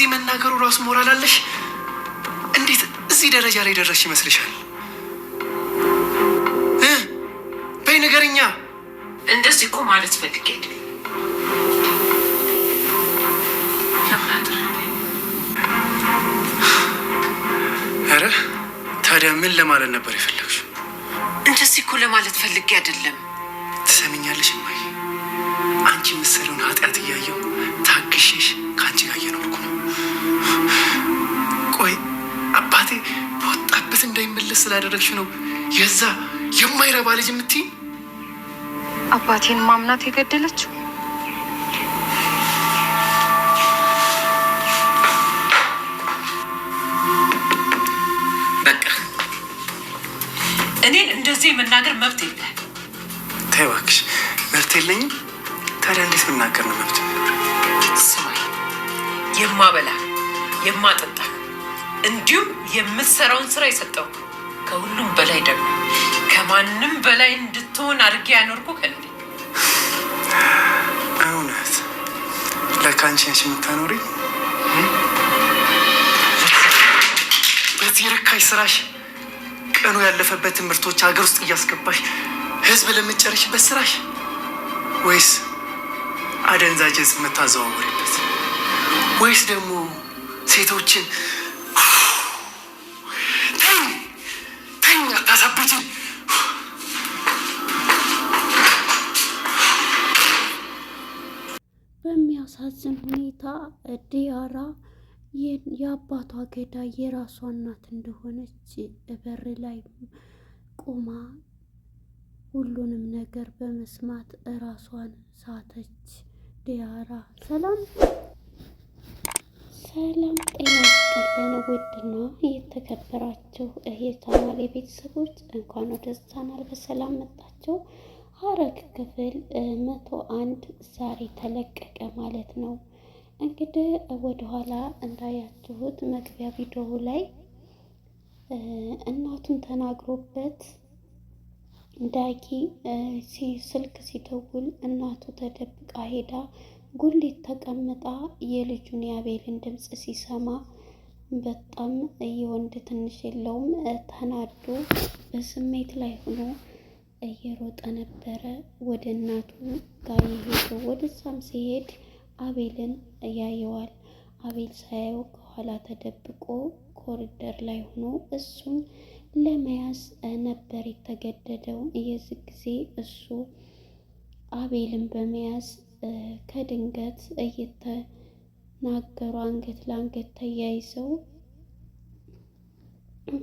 እንደዚህ መናገሩ ራሱ ሞራል አለሽ? እንዴት እዚህ ደረጃ ላይ ደረስ ይመስልሻል? በይ ነገርኛ። እንደዚህ እኮ ማለት ፈልጌ ኧረ ታዲያ ምን ለማለት ነበር የፈለግሽ? እንደዚህ እኮ ለማለት ፈልጌ አይደለም። ትሰምኛለሽ እማዬ፣ አንቺ የምትሰሪውን ኃጢአት እያየሁ ሳልሸሽ ከአንቺ ጋር እየኖርኩ ነው። ቆይ አባቴ በወጣበት እንዳይመለስ ስላደረግሽ ነው የዛ የማይረባ ልጅ የምትይ? አባቴን ማምናት የገደለችው በቃ እኔን እንደዚህ የመናገር መብት የለ። ተይ እባክሽ መብት የለኝም። ታዲያ እንዴት መናገር ነው መብት ስማኝ፣ የማበላ የማጠጣ እንዲሁም የምትሰራውን ስራ የሰጠው ከሁሉም በላይ ደግሞ ከማንም በላይ እንድትሆን አድርጌ ያኖርኩ ከእንዴ እውነት ለካ አንቺ የምታኖሪ በዚህ ርካሽ ስራሽ ቀኑ ያለፈበት ምርቶች ሀገር ውስጥ እያስገባሽ ህዝብ ለምጨርሽበት ስራሽ ወይስ አደንዛዥ ዕፅ የምታዘዋውሪበት ወይስ ደግሞ ሴቶችን ተኝ ተኝ በሚያሳዝን ሁኔታ ዲያራ የአባቷ ገዳይ የራሷ እናት እንደሆነች በር ላይ ቆማ ሁሉንም ነገር በመስማት እራሷን ሳተች። ዲያራ ሰላም ሰላም፣ ጤና ይስጥልን ውድና የተከበራችሁ የቻናል ቤተሰቦች እንኳን ወደ ቻናል በሰላም መጣችሁ። ሐረግ ክፍል መቶ አንድ ዛሬ ተለቀቀ ማለት ነው። እንግዲህ ወደኋላ እንዳያችሁት መግቢያ ቪዲዮ ላይ እናቱን ተናግሮበት ዳጊ ስልክ ሲደውል እናቱ ተደብቃ ሄዳ ጉሊት ተቀምጣ የልጁን የአቤልን ድምፅ ሲሰማ በጣም የወንድ ትንሽ የለውም ተናዶ በስሜት ላይ ሆኖ እየሮጠ ነበረ ወደ እናቱ ጋር የሄደው። ወደዛም ሲሄድ አቤልን ያየዋል። አቤል ሳያየው ከኋላ ተደብቆ ኮሪደር ላይ ሆኖ እሱም ለመያዝ ነበር የተገደደው። የዚህ ጊዜ እሱ አቤልን በመያዝ ከድንገት እየተናገሩ አንገት ለአንገት ተያይዘው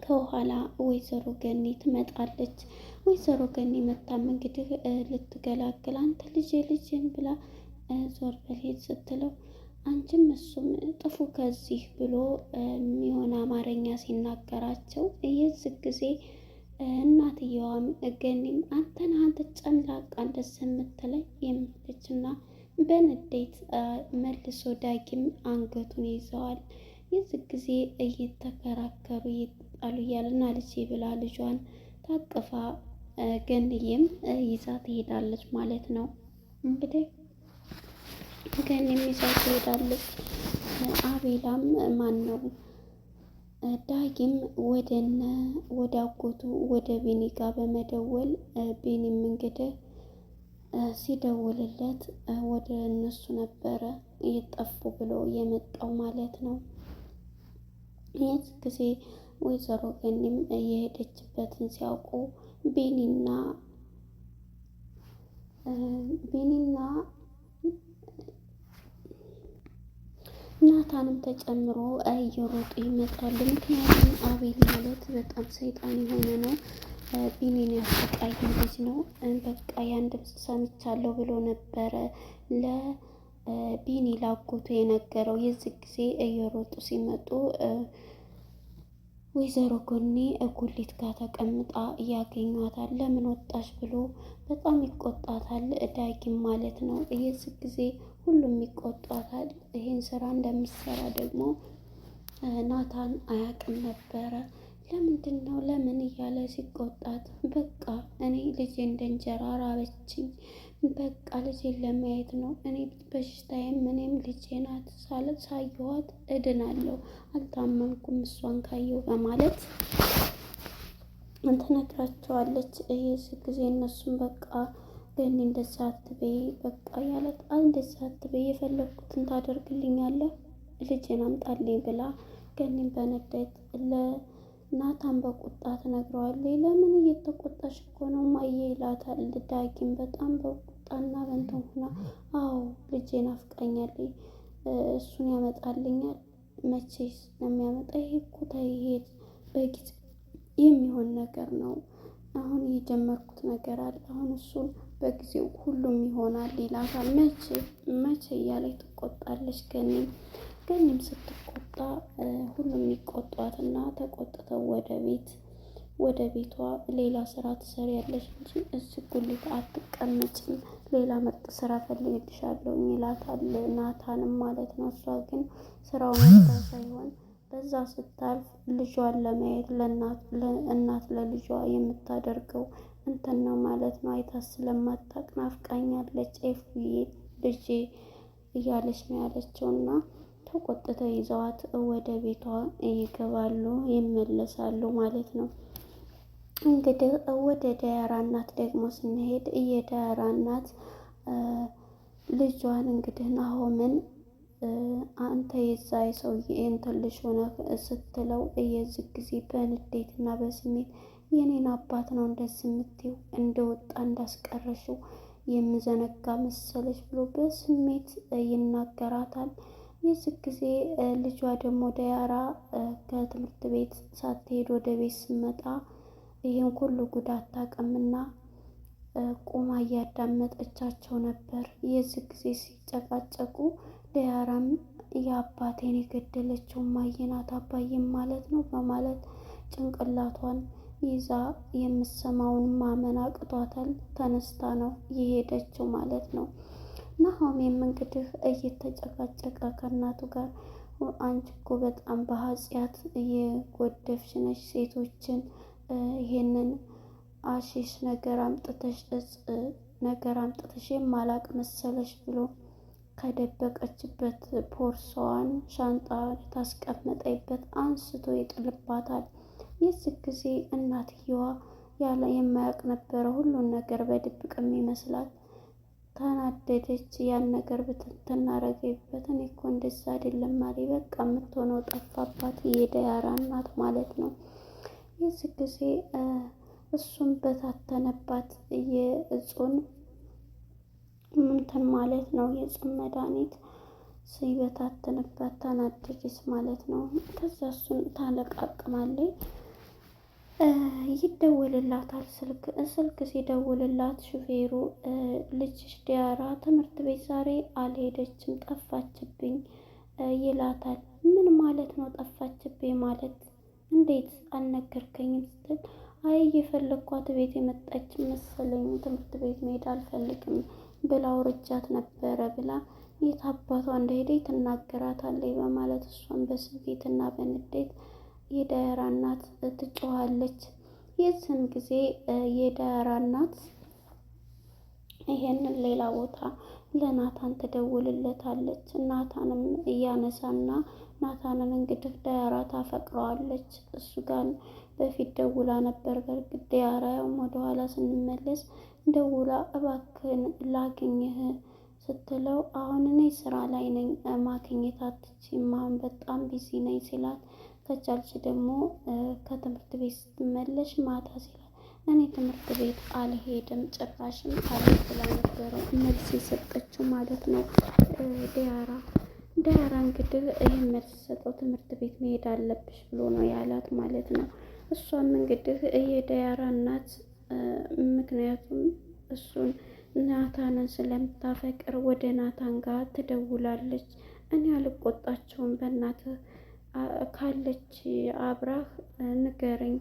ከኋላ ወይዘሮ ገኒ ትመጣለች። ወይዘሮ ገኒ መታም እንግዲህ ልትገላግል አንተ ልጄ ልጄን ብላ ዞር ስትለው አንቺም እሱም ጥፉ ከዚህ ብሎ የሆነ አማርኛ ሲናገራቸው የዚህ ጊዜ እናትየዋም እገኒም አንተን አንተ ጨምላቃ እንደስ የምትለኝ የምትችና በንዴት መልሶ ዳጊም አንገቱን ይዘዋል። የዚህ ጊዜ እየተከራከሩ እየተጣሉ እያለና ልጅ ብላ ልጇን ታቅፋ ገንዬም ይዛ ትሄዳለች ማለት ነው እንግዲህ ነገን የሚሰው ትሄዳለች። አቤላም ማን ነው ዳጊም ወደነ ወደ አጎቱ ወደ ቤኒ ጋር በመደወል ቤኒም እንግዲህ ሲደውልለት ወደ እነሱ ነበረ የጠፉ ብሎ የመጣው ማለት ነው። ይህ ጊዜ ወይዘሮ ገኒም የሄደችበትን ሲያውቁ ቤኒና ቤኒና ናታንም ተጨምሮ እየሮጡ ይመጣሉ። ምክንያቱም አቤል ማለት በጣም ሰይጣን የሆነ ነው። ቢኒን ያሰቃይ ልጅ ነው። በቃ ያን ድምፅ ሰምቻለሁ ብሎ ነበረ ለቢኒ ላጎቱ የነገረው። የዚህ ጊዜ እየሮጡ ሲመጡ ወይዘሮ ጎኒ ጉሊት ጋር ተቀምጣ እያገኟታል። ለምን ወጣሽ ብሎ በጣም ይቆጣታል። ዳጊም ማለት ነው የዚህ ጊዜ ሁሉም ይቆጧታል። ይህን ስራ እንደምትሰራ ደግሞ ናታን አያውቅም ነበረ። ለምንድን ነው ለምን እያለ ሲቆጣት፣ በቃ እኔ ልጅ እንደ እንጀራ ራበችኝ፣ በቃ ልጄን ለማየት ነው እኔ በሽታዬም እኔም ልጄ ናት ሳለት ሳየኋት እድናለሁ፣ አልታመንኩም እሷን ካየሁ በማለት ትነግራቸዋለች። ይህ ጊዜ እነሱም በቃ ግን እንደዛ አትበይ፣ በቃ ያለት አይ እንደዛ አትበይ፣ የፈለግኩትን ታደርግልኛለህ፣ ልጅን አምጣልኝ ብላ ገኒም በነደት ለናታን በቁጣ ትነግረዋለች። ለምን እየተቆጣሽ እኮ ነው ማየ ይላታል። ዳጊም በጣም በቁጣና በእንትን ሆና አዎ ልጄን አፍቃኛለች፣ እሱን ያመጣልኛል። መቼ ነው የሚያመጣ? ይሄ እኮ ተይሄድ በጊዜ የሚሆን ነገር ነው። አሁን የጀመርኩት ነገር አለ። አሁን እሱን በጊዜው ሁሉም ይሆናል ይላታል። መቼ መቼ እያለች ትቆጣለች። ገኒም ገኒም ስትቆጣ ሁሉም ይቆጧት እና ተቆጥተው ወደ ቤት ወደ ቤቷ ሌላ ስራ ትሰሪያለሽ እንጂ እዚ ጉሊት አትቀመጭም፣ ሌላ መጥ ስራ ፈልግልሻለሁ ይላታል። ናታንም ማለት ነው። እሷ ግን ስራውን ወዳ ሳይሆን በዛ ስታልፍ ልጇን ለማየት ለእናት ለልጇ የምታደርገው እንትን ነው ማለት ነው። አይታ ስለማታቅ ናፍቃኛለች ኤፍዬ ልጄ እያለች ነው ያለችው እና ተቆጥተው ይዘዋት ወደ ቤቷ ይገባሉ፣ ይመለሳሉ ማለት ነው። እንግዲህ ወደ ዳያራ እናት ደግሞ ስንሄድ የዳያራ እናት ልጇን እንግዲህ ናሆምን አንተ የዛ ሰውዬ እንትን ልጅ ሆነ ስትለው የዚህ ጊዜ በንዴት እና በስሜት የኔን አባት ነው እንደዚህ የምትይው እንደወጣ እንዳስቀረሽው የምዘነጋ መሰለች ብሎ በስሜት ይናገራታል። የዚህ ጊዜ ልጇ ደግሞ ዳያራ ከትምህርት ቤት ሳትሄድ ወደ ቤት ስመጣ ይህን ሁሉ ጉዳት ታቀምና ቁማ እያዳመጠቻቸው ነበር። የዚህ ጊዜ ሲጨቃጨቁ ዳያራም የአባቴን የገደለችው ማየናት አባይም ማለት ነው በማለት ጭንቅላቷን ይዛ የምሰማውን ማመን አቅቷታል። ተነስታ ነው የሄደችው ማለት ነው። ናሆሜም እንግዲህ እየተጨቃጨቀ ከእናቱ ጋር አንቺ እኮ በጣም በኃጢአት የጎደፍሽ ነሽ፣ ሴቶችን ይሄንን አሽሽ ነገር አምጥተሽ እጽ ነገር አምጥተሽ የማላቅ መሰለሽ ብሎ ከደበቀችበት ቦርሳዋን ሻንጣ ታስቀመጠበት አንስቶ ይጥልባታል። የዚህ ጊዜ እናትየዋ ያለ የማያውቅ ነበረ ሁሉን ነገር በድብቅ የሚመስላት ተናደደች። ያን ነገር ብትናረገበት እኔ እኮ እንደዛ አይደለም አለ። በቃ የምትሆነው ጠፋባት የዳያራ እናት ማለት ነው። የዚህ ጊዜ እሱን በታተነባት የእጹን እንትን ማለት ነው የጽም መድኃኒት ሲበታተንባት ታናደደች ማለት ነው። ከዛ እሱን ታለቃቅማለች። ይደወልላታል። ስልክ ስልክ ሲደውልላት ሹፌሩ ልጅሽ ዲያራ ትምህርት ቤት ዛሬ አልሄደችም ጠፋችብኝ ይላታል። ምን ማለት ነው ጠፋችብኝ ማለት እንዴት አልነገርከኝም? ስትል አይ የፈለግኳት ቤት የመጣች መሰለኝ ትምህርት ቤት መሄድ አልፈልግም ብላ ውርጃት ነበረ ብላ የት አባቷ እንደሄደ ትናገራታለች በማለት እሷን በስሜትና በንዴት የዳያራ እናት ትጮኋለች። የዚህን ጊዜ የዳያራ እናት ይሄንን ሌላ ቦታ ለናታን ትደውልለታለች። ናታንም እያነሳና ናታንን እንግዲህ ዳያራ ታፈቅረዋለች። እሱ ጋር በፊት ደውላ ነበር። በእርግጥ ዳያራ ወደኋላ ስንመለስ ደውላ እባክህን ላግኝህ ስትለው አሁን እኔ ስራ ላይ ነኝ ማግኘት አትችይም፣ አሁን በጣም ቢዚ ነኝ ሲላት ከቻልሽ ደግሞ ከትምህርት ቤት ስትመለሽ ማታ ሲል እኔ ትምህርት ቤት አልሄድም ጭራሽም አለት ብላ መልስ የሰጠችው ማለት ነው። ዲያራ ዲያራ እንግዲህ ይህን መልስ ሰጠው ትምህርት ቤት መሄድ አለብሽ ብሎ ነው ያላት ማለት ነው። እሷም እንግዲህ የዲያራ እናት ምክንያቱም እሱን ናታንን ስለምታፈቅር ወደ ናታን ጋር ትደውላለች። እኔ አልቆጣቸውም በእናትህ ካለች አብራህ ንገረኝ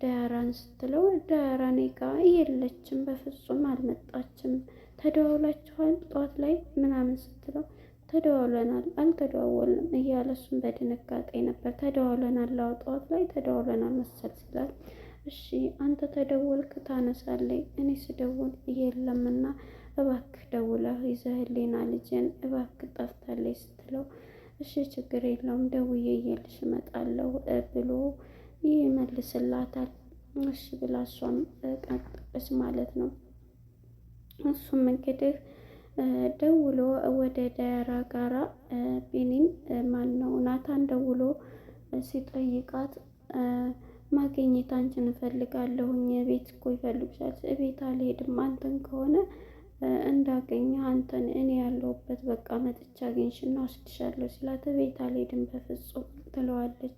ዳያራን ስትለው ዳያራ እኔ ጋ የለችም፣ በፍጹም አልመጣችም። ተደዋውላችኋል ጠዋት ላይ ምናምን ስትለው ተደዋውለናል፣ አልተደዋወልንም እያለ እሱም በድንጋጤ ነበር። ተደዋውለናል፣ አዎ ጠዋት ላይ ተደዋውለናል መሰል ስላል እሺ አንተ ተደወልክ ታነሳለኝ፣ እኔ ስደውል የለምና እባክህ ደውለህ ይዘህልኝና ልጄን እባክህ ጠፍታለች ስትለው እሺ ችግር የለውም ደውዬ እየልሽ እመጣለሁ ብሎ ይመልስላታል። እሺ ብላ እሷም ቀጠለች ማለት ነው። እሱም እንግዲህ ደውሎ ወደ ዳያራ ጋራ ቢኒን ማን ነው ናታን ደውሎ ሲጠይቃት ማግኘት አንቺን እፈልጋለሁኝ፣ ቤት እኮ ይፈልጉሻል፣ ቤት አልሄድም አንተን ከሆነ እንዳገኘ አንተን እኔ ያለሁበት በቃ መጥቻ አግኝሽና ወስድሻለሁ ሲላት ቤት አልሄድም በፍጹም ትለዋለች።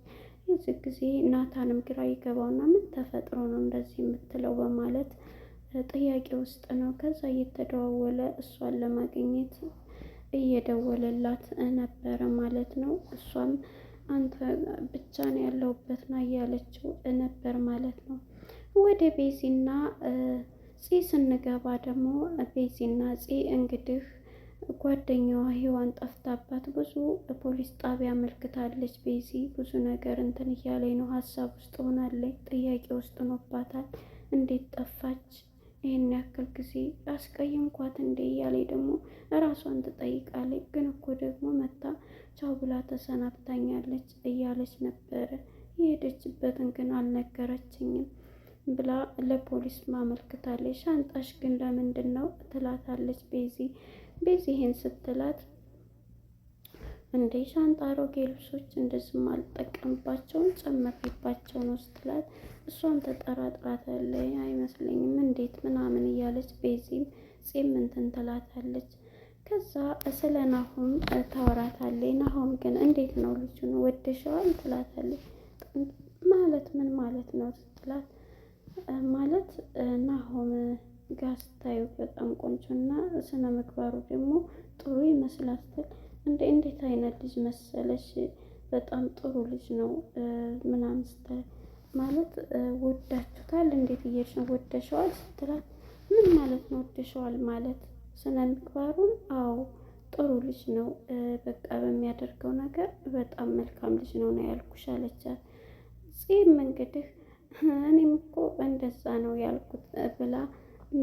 የዚህ ጊዜ ናታንም ግራ ይገባውና ምን ተፈጥሮ ነው እንደዚህ የምትለው በማለት ጥያቄ ውስጥ ነው። ከዛ እየተደዋወለ እሷን ለማግኘት እየደወለላት ነበረ ማለት ነው። እሷም አንተ ብቻ ነው ያለሁበት ና እያለችው ነበር ማለት ነው ወደ ቤዚና ፂ ስንገባ ደግሞ ቤዚና ፂ እንግዲህ ጓደኛዋ ህዋን ጠፍታባት ብዙ ፖሊስ ጣቢያ አመልክታለች። ቤዚ ብዙ ነገር እንትን እያለኝ ነው፣ ሀሳብ ውስጥ ሆናለች፣ ጥያቄ ውስጥ ኖባታል እንዴት ጠፋች? ይህን ያክል ጊዜ አስቀየምኳት እንዴ? እያለኝ ደግሞ እራሷን ትጠይቃለች። ግን እኮ ደግሞ መታ ቻው ብላ ተሰናብታኛለች እያለች ነበረ። የሄደችበትን ግን አልነገረችኝም። ብላ ለፖሊስ ማመልክታለች። ሻንጣሽ ግን ለምንድን ነው ትላታለች ቤዚ። ቤዚ ይህን ስትላት እንዴ ሻንጣ አሮጌ ልብሶች እንደዚህም አልጠቀምባቸውን ጨመርባቸው ነው ስትላት፣ እሷም ተጠራጥራታለች። አይመስለኝም እንዴት ምናምን እያለች ቤዚም ጺም እንትን ትላታለች። ከዛ ስለ ናሆም ታወራታለች። ናሆም ግን እንዴት ነው ልጁን ወደሸዋል ትላታለች። ማለት ምን ማለት ነው ስትላት ማለት ናሆም ጋር ስታዩት በጣም ቆንጆ እና ስነ ምግባሩ ደግሞ ጥሩ ይመስላታል። እንደ እንዴት አይነት ልጅ መሰለሽ በጣም ጥሩ ልጅ ነው ምናምን ስታይ ማለት ወዳችሁታል? እንዴት እየሄድሽ ነው? ወደሸዋል ስትላት ምን ማለት ነው ወደሸዋል ማለት? ስነ ምግባሩን አዎ ጥሩ ልጅ ነው፣ በቃ በሚያደርገው ነገር በጣም መልካም ልጅ ነው ነው ያልኩሽ አለቻት። ጽም እንግዲህ እኔም እኮ እንደዛ ነው ያልኩት ብላ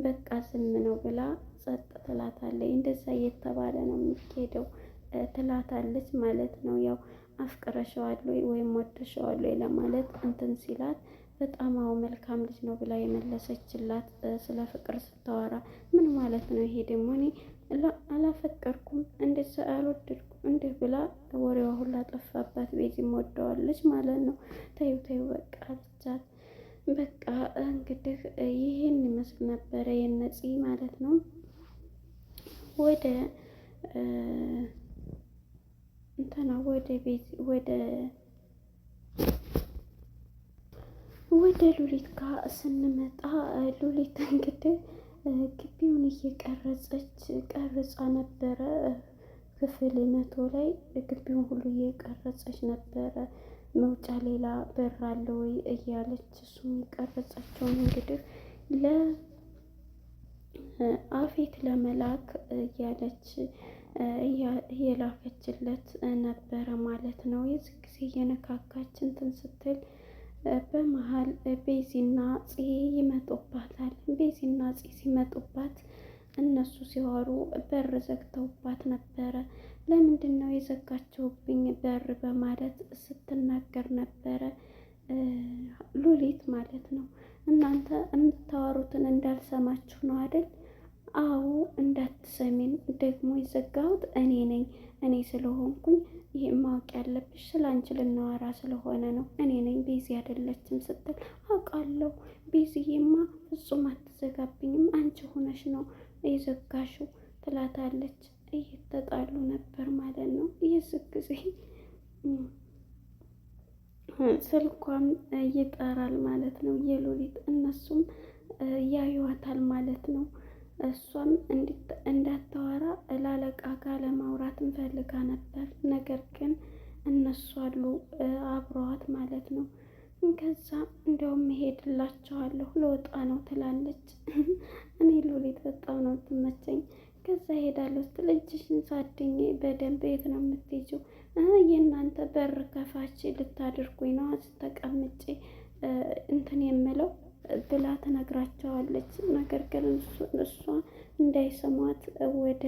በቃ ስም ነው ብላ ጸጥ ትላታለች። እንደዛ እየተባለ ነው የሚሄደው ትላታለች ማለት ነው። ያው አፍቅረሸዋለ ወይም ወደሸዋለ ለማለት እንትን ሲላት በጣም አዎ መልካም ልጅ ነው ብላ የመለሰችላት ስለ ፍቅር ስታወራ ምን ማለት ነው ይሄ ደግሞ እኔ አላፈቀርኩም እንደዛ አልወደድኩም እንዲህ ብላ ወሬዋ ሁላ ጠፋባት ቤዚም ወደዋለች ማለት ነው ተይው ተይው በቃ ብቻት በቃ እንግዲህ ይህን ይመስል ነበረ የነፂ ማለት ነው። ወደ እንትና ወደ ቤት ወደ ወደ ሉሊት ጋር ስንመጣ ሉሊት እንግዲህ ግቢውን እየቀረጸች ቀርጻ ነበረ ክፍል መቶ ላይ ግቢውን ሁሉ እየቀረጸች ነበረ። መውጫ ሌላ በር አለ ወይ እያለች እሱም ቀረጻቸውን እንግዲህ ለአፌት ለመላክ እያለች እየላከችለት ነበረ ማለት ነው። የዚህ ጊዜ እየነካካች እንትን ስትል በመሀል ቤዚና ጽ ይመጡባታል። ቤዚና ጽ ሲመጡባት እነሱ ሲዋሩ በር ዘግተውባት ነበረ። ለምንድን ነው የዘጋችሁብኝ በር በማለት ስትናገር ነበረ ሉሊት ማለት ነው። እናንተ የምታወሩትን እንዳልሰማችሁ ነው አይደል? አዎ እንዳትሰሚን ደግሞ የዘጋሁት እኔ ነኝ። እኔ ስለሆንኩኝ ይህ ማወቅ ያለብሽ ስለ አንቺ ልናወራ ስለሆነ ነው። እኔ ነኝ ቤዚ አይደለችም ስትል አውቃለሁ። ቤዚዬማ ፍጹም አትዘጋብኝም፣ አንቺ ሆነሽ ነው የዘጋሽው ትላታለች። እየተጣሉ ነበር ማለት ነው። የዚህ ጊዜ ስልኳም ይጠራል ማለት ነው። የሎሊት እነሱም ያዩዋታል ማለት ነው። እሷም እንዳታወራ ላለቃ ጋር ለማውራት እንፈልጋ ነበር፣ ነገር ግን እነሱ አሉ አብረዋት ማለት ነው። ከዛ እንዲያውም መሄድላቸዋለሁ ለወጣ ነው ትላለች። እኔ ሎሊት በጣም ነው ትመቸኝ። ከዛ ሄዳለሁ ስትል እጅሽን ሳድኝ በደንብ የት ነው የምትሄጂው? የእናንተ በር ከፋች ልታደርጉኝ ነው ስተቀምጬ እንትን የምለው ብላ ትነግራቸዋለች። ነገር ግን እሷ እንዳይሰማት ወደ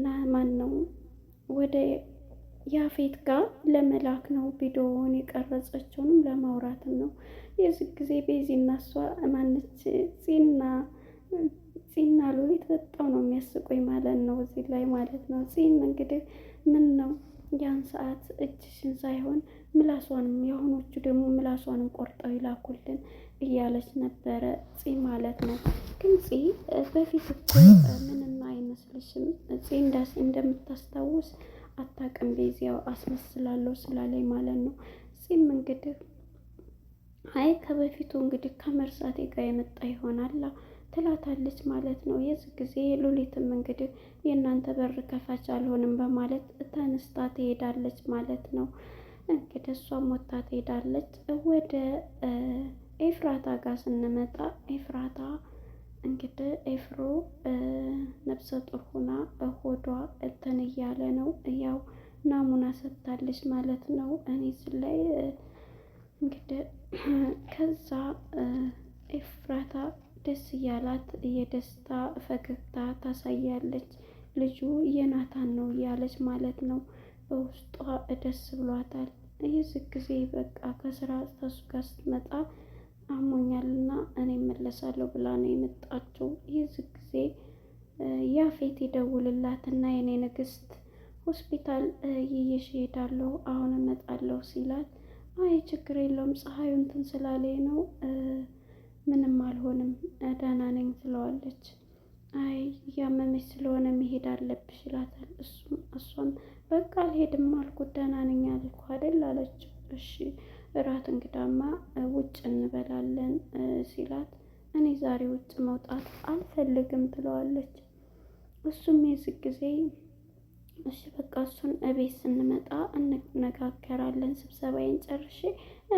ና ማን ነው ወደ ያፌት ጋር ለመላክ ነው ቪዲዮውን የቀረጸችውንም ለማውራትም ነው። የዚህ ጊዜ ቤዚና እሷ ማነች ጺና ጺና ሉሊት በጣም ነው የሚያስቆኝ ማለት ነው እዚህ ላይ ማለት ነው። ጺም እንግዲህ ምን ነው ያን ሰዓት እጅሽን ሳይሆን ምላሷንም የአሁኖቹ ደግሞ ምላሷንም ቆርጠው ይላኩልን እያለች ነበረ ጺ ማለት ነው። ግን ጺ በፊት እኮ ምንም አይመስልሽም ጺ እንደምታስታውስ አታውቅም። ቤዚያው አስመስላለሁ ስላለኝ ማለት ነው። ጺም እንግዲህ አይ ከበፊቱ እንግዲህ ከመርሳቴ ጋር የመጣ ይሆናላ ትላታለች ማለት ነው። የዚህ ጊዜ ሉሊትም እንግዲህ የእናንተ በር ከፋች አልሆንም በማለት ተነስታ ትሄዳለች ማለት ነው። እንግዲህ እሷም ወጥታ ትሄዳለች። ወደ ኤፍራታ ጋር ስንመጣ ኤፍራታ እንግዲህ ኤፍሮ ነብሰ ጡር ሆና ሆዷ እንትን እያለ ነው ያው ናሙና ሰጥታለች ማለት ነው። እኔ ላይ እንግዲህ ከዛ ኤፍራታ ደስ እያላት የደስታ ፈገግታ ታሳያለች። ልጁ የናታን ነው እያለች ማለት ነው። በውስጧ ደስ ብሏታል። ይህ ጊዜ በቃ ከስራ ከሱ ጋር ስትመጣ አሞኛልና እኔ መለሳለሁ ብላ ነው የመጣችው። ይህ ጊዜ ያፌት ይደውልላትና የኔ ንግስት ሆስፒታል ይዤሽ እሄዳለሁ አሁን እመጣለሁ ሲላት፣ አይ ችግር የለውም ፀሐዩ እንትን ስላለኝ ነው ምንም አልሆንም ደህና ነኝ ትለዋለች። አይ እያመመች ስለሆነ መሄድ አለብሽ ይላታል። እሷም በቃ አልሄድም አልኩ ደህና ነኝ አልኩ አይደል አለችው። እሺ እራት እንግዳማ ውጭ እንበላለን ሲላት እኔ ዛሬ ውጭ መውጣት አልፈልግም ትለዋለች። እሱም የዚህ ጊዜ እሺ በቃ እሱን እቤት ስንመጣ እንነጋገራለን፣ ስብሰባዬን ጨርሼ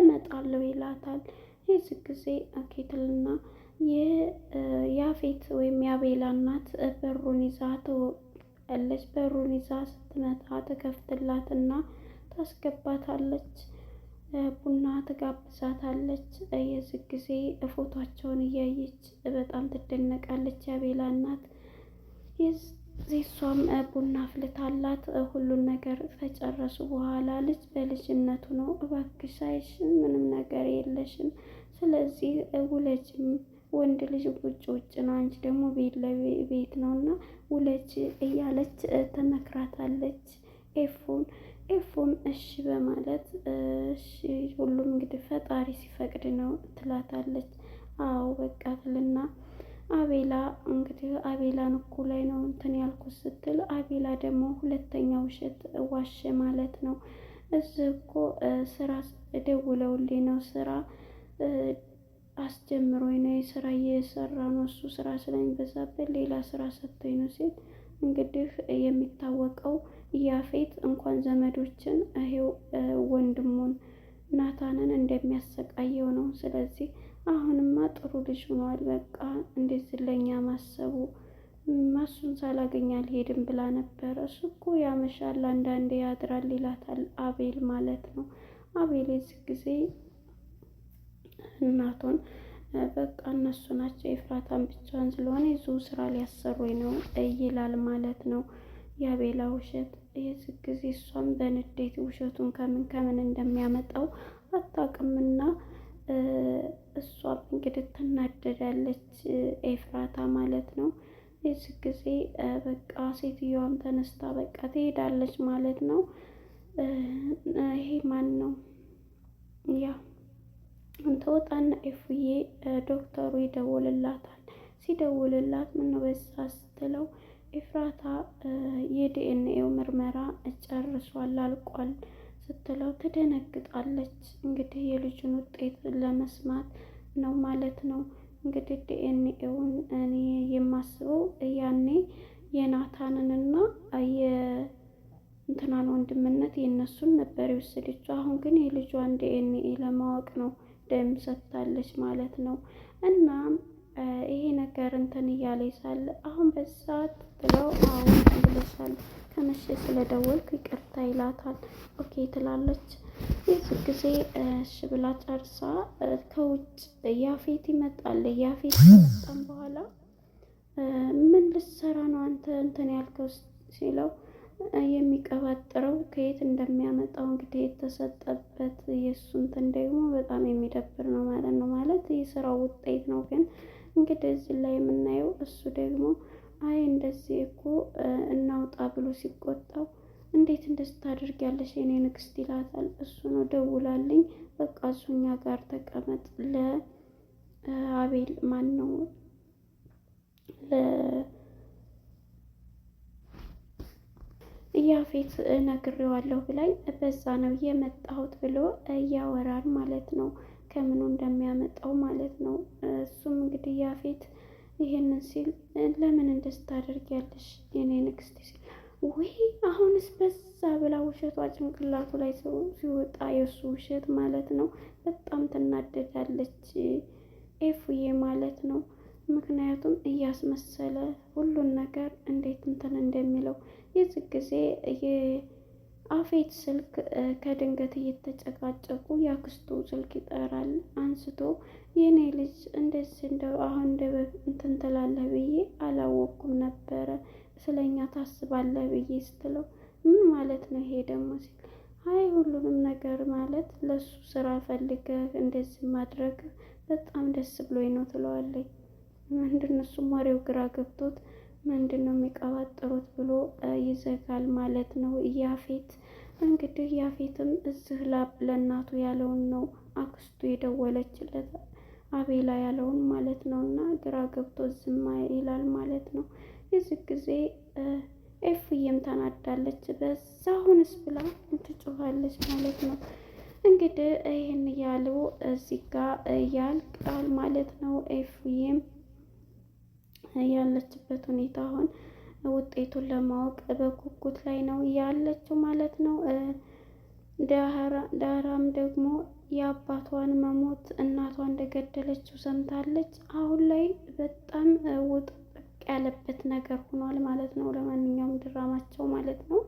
እመጣለሁ ይላታል። ይህ ጊዜ አኬትልና የያፌት ወይም የአቤላ እናት በሩን ይዛ ትወጣለች። በሩን ይዛ ስትመጣ ትከፍትላትና ታስገባታለች። ቡና ትጋብዛታለች። የዚህ ጊዜ ፎቷቸውን እያየች በጣም ትደነቃለች የአቤላ እናት። የሷም ቡና አፍልታላት ሁሉን ነገር ከጨረሱ በኋላ ልጅ በልጅነቱ ነው እባክሽ አይሽም ምንም ነገር የለሽም ስለዚህ ውለጅም ወንድ ልጅ ውጭ ውጭ ነው፣ አንቺ ደግሞ ቤት ለቤት ነው እና ውለጅ እያለች ትመክራታለች ኤፉን። ኤፉም እሺ በማለት እሺ ሁሉም እንግዲህ ፈጣሪ ሲፈቅድ ነው ትላታለች። አዎ በቃ ትልና አቤላ እንግዲህ አቤላን እኮ ላይ ነው እንትን ያልኩት ስትል፣ አቤላ ደግሞ ሁለተኛ ውሸት ዋሸ ማለት ነው። እዚህ እኮ ስራ ደውለውልኝ ነው ስራ አስጀምሮ ነው ስራ እየሰራ ነው። እሱ ስራ ስለሚበዛበት ሌላ ስራ ሰጥቶኝ ነው ሲል እንግዲህ የሚታወቀው ያፌት እንኳን ዘመዶችን ይሄው ወንድሙን ናታንን እንደሚያሰቃየው ነው። ስለዚህ አሁንማ ጥሩ ልጅ ሆኗል። በቃ እንዴት ለኛ ማሰቡ ማሱን ሳላገኝ አልሄድም ብላ ነበረ። እሱ እኮ ያመሻል፣ አንዳንዴ ያድራል ይላታል አቤል ማለት ነው። አቤል የዚህ ጊዜ እናቱን በቃ እነሱ ናቸው ኤፍራታን ብቻዋን ስለሆነ ይዙ ስራ ሊያሰሩኝ ነው ይላል ማለት ነው የአቤላ ውሸት። ይህ ጊዜ እሷም በንዴት ውሸቱን ከምን ከምን እንደሚያመጣው አታውቅምና እሷም እንግዲህ ትናደዳለች ኤፍራታ ማለት ነው። ይህ ጊዜ በቃ ሴትዮዋም ተነስታ በቃ ትሄዳለች ማለት ነው። ይሄ ማን ነው ያ ተወጣና ኤፉዬ ዶክተሩ ይደውልላታል። ሲደውልላት ምነው በዛ ስትለው ኤፍራታ የዲኤንኤው ምርመራ ጨርሷል አልቋል ስትለው ትደነግጣለች። እንግዲህ የልጁን ውጤት ለመስማት ነው ማለት ነው። እንግዲህ ዲኤንኤውን እኔ የማስበው ያኔ የናታንንና የእንትናን ወንድምነት የእነሱን ነበር የወሰደችው። አሁን ግን የልጇን ዲኤንኤ ለማወቅ ነው ደም ሰጥታለች ማለት ነው። እና ይሄ ነገር እንትን እያለ ይሳል አሁን በሰዓት ብለው አሁን ብለሻል ከመቼ ስለደወልክ ይቅርታ ይላታል። ኦኬ ትላለች። ይህ ጊዜ እሺ ብላ ጨርሳ ከውጭ ያፌት ይመጣል። ያፌት ከመጣም በኋላ ምን ልትሰራ ነው አንተ እንትን ያልከው ሲለው የሚቀባጥረው ከየት እንደሚያመጣው እንግዲህ የተሰጠበት የእሱ እንትን ደግሞ በጣም የሚደብር ነው ማለት ነው። ማለት የስራው ውጤት ነው። ግን እንግዲህ እዚህ ላይ የምናየው እሱ ደግሞ አይ እንደዚህ እኮ እናውጣ ብሎ ሲቆጣው እንዴት እንደዚህ ታደርጊያለሽ የኔ ንግስት ይላታል። እሱ ነው ደውላልኝ በቃ እሱ እኛ ጋር ተቀመጥ ለአቤል ማን ነው ያፌት ነግሬዋለሁ ብላኝ በዛ ነው የመጣሁት ብሎ እያወራል ማለት ነው። ከምኑ እንደሚያመጣው ማለት ነው። እሱም እንግዲህ ያፌት ይሄንን ሲል ለምን እንደዚህ ታደርጊያለሽ የኔ ንግስት ሲል ወይ አሁንስ በዛ ብላ ውሸቷ ጭንቅላቱ ላይ ሲወጣ የእሱ ውሸት ማለት ነው። በጣም ትናደዳለች ኤፉዬ ማለት ነው። ምክንያቱም እያስመሰለ ሁሉን ነገር እንዴት እንትን እንደሚለው የዚ ጊዜ የአፌት ስልክ ከድንገት እየተጨቃጨቁ የአክስቱ ስልክ ይጠራል። አንስቶ የኔ ልጅ እንደዚህ እንደው አሁን እንደ እንትን ትላለህ ብዬ አላወቅኩም ነበረ ስለኛ ታስባለህ ብዬ ስትለው ምን ማለት ነው ይሄ ደግሞ ሲል አይ ሁሉንም ነገር ማለት ለሱ ስራ ፈልገህ እንደዚህ ማድረግ በጣም ደስ ብሎኝ ነው ትለዋለኝ። ምንድን እሱም ወሬው ግራ ገብቶት ምንድን ነው የሚቀባጥሩት ብሎ ይዘጋል ማለት ነው ያፌት። እንግዲህ ያፌትም እዚህ ላብ ለእናቱ ያለውን ነው አክስቱ የደወለችለት አቤላ ያለውን ማለት ነው። እና ግራ ገብቶ ዝማ ይላል ማለት ነው። የዚህ ጊዜ ኤፍዬም ተናዳለች። በዛ አሁንስ ብላ ትጮኋለች ማለት ነው። እንግዲህ ይህን ያለው እዚህ ጋ ያልቃል ማለት ነው ኤፍዬም ያለችበት ሁኔታ አሁን ውጤቱን ለማወቅ በጉጉት ላይ ነው ያለችው ማለት ነው። ዳራም ደግሞ የአባቷን መሞት እናቷ እንደገደለችው ሰምታለች። አሁን ላይ በጣም ውጥ ያለበት ነገር ሆኗል ማለት ነው። ለማንኛውም ድራማቸው ማለት ነው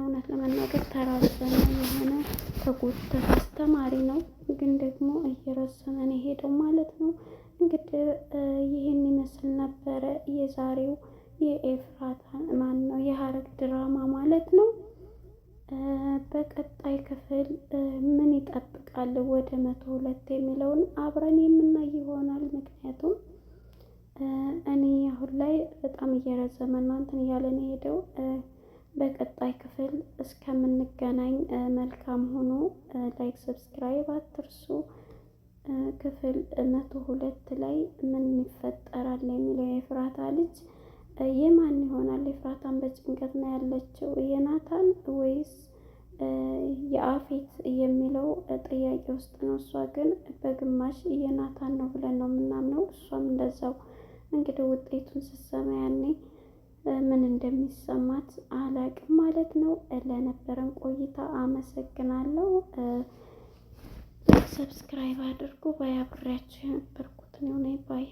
እውነት ለመናገር ተራዘመ የሆነ ተጎተተ አስተማሪ ነው ግን ደግሞ እየረዘመን የሄደው ማለት ነው። እንግዲህ ይህን ይመስል ነበረ የዛሬው የኤፍራታ ማን ነው የሀረግ ድራማ ማለት ነው። በቀጣይ ክፍል ምን ይጠብቃል ወደ መቶ ሁለት የሚለውን አብረን የምናይ ይሆናል። ምክንያቱም እኔ አሁን ላይ በጣም እየረዘመ እናንተን እያለን ሄደው በቀጣይ ክፍል እስከምንገናኝ መልካም ሆኖ ላይክ፣ ሰብስክራይብ አትርሱ። ክፍል መቶ ሁለት ላይ ምን ይፈጠራል የሚለው የፍራታ ልጅ የማን ይሆናል? የፍራታን በጭንቀት ነው ያለችው የናታን ወይስ የአፌት የሚለው ጥያቄ ውስጥ ነው። እሷ ግን በግማሽ የናታን ነው ብለን ነው የምናምነው። እሷም እንደዛው እንግዲህ ውጤቱን ስሰማ ያኔ ምን እንደሚሰማት አላቅም ማለት ነው። ለነበረን ቆይታ አመሰግናለሁ። ሰብስክራይብ አድርጉ። ባይ አብሬያችሁ የነበርኩትን ሆነ ባይ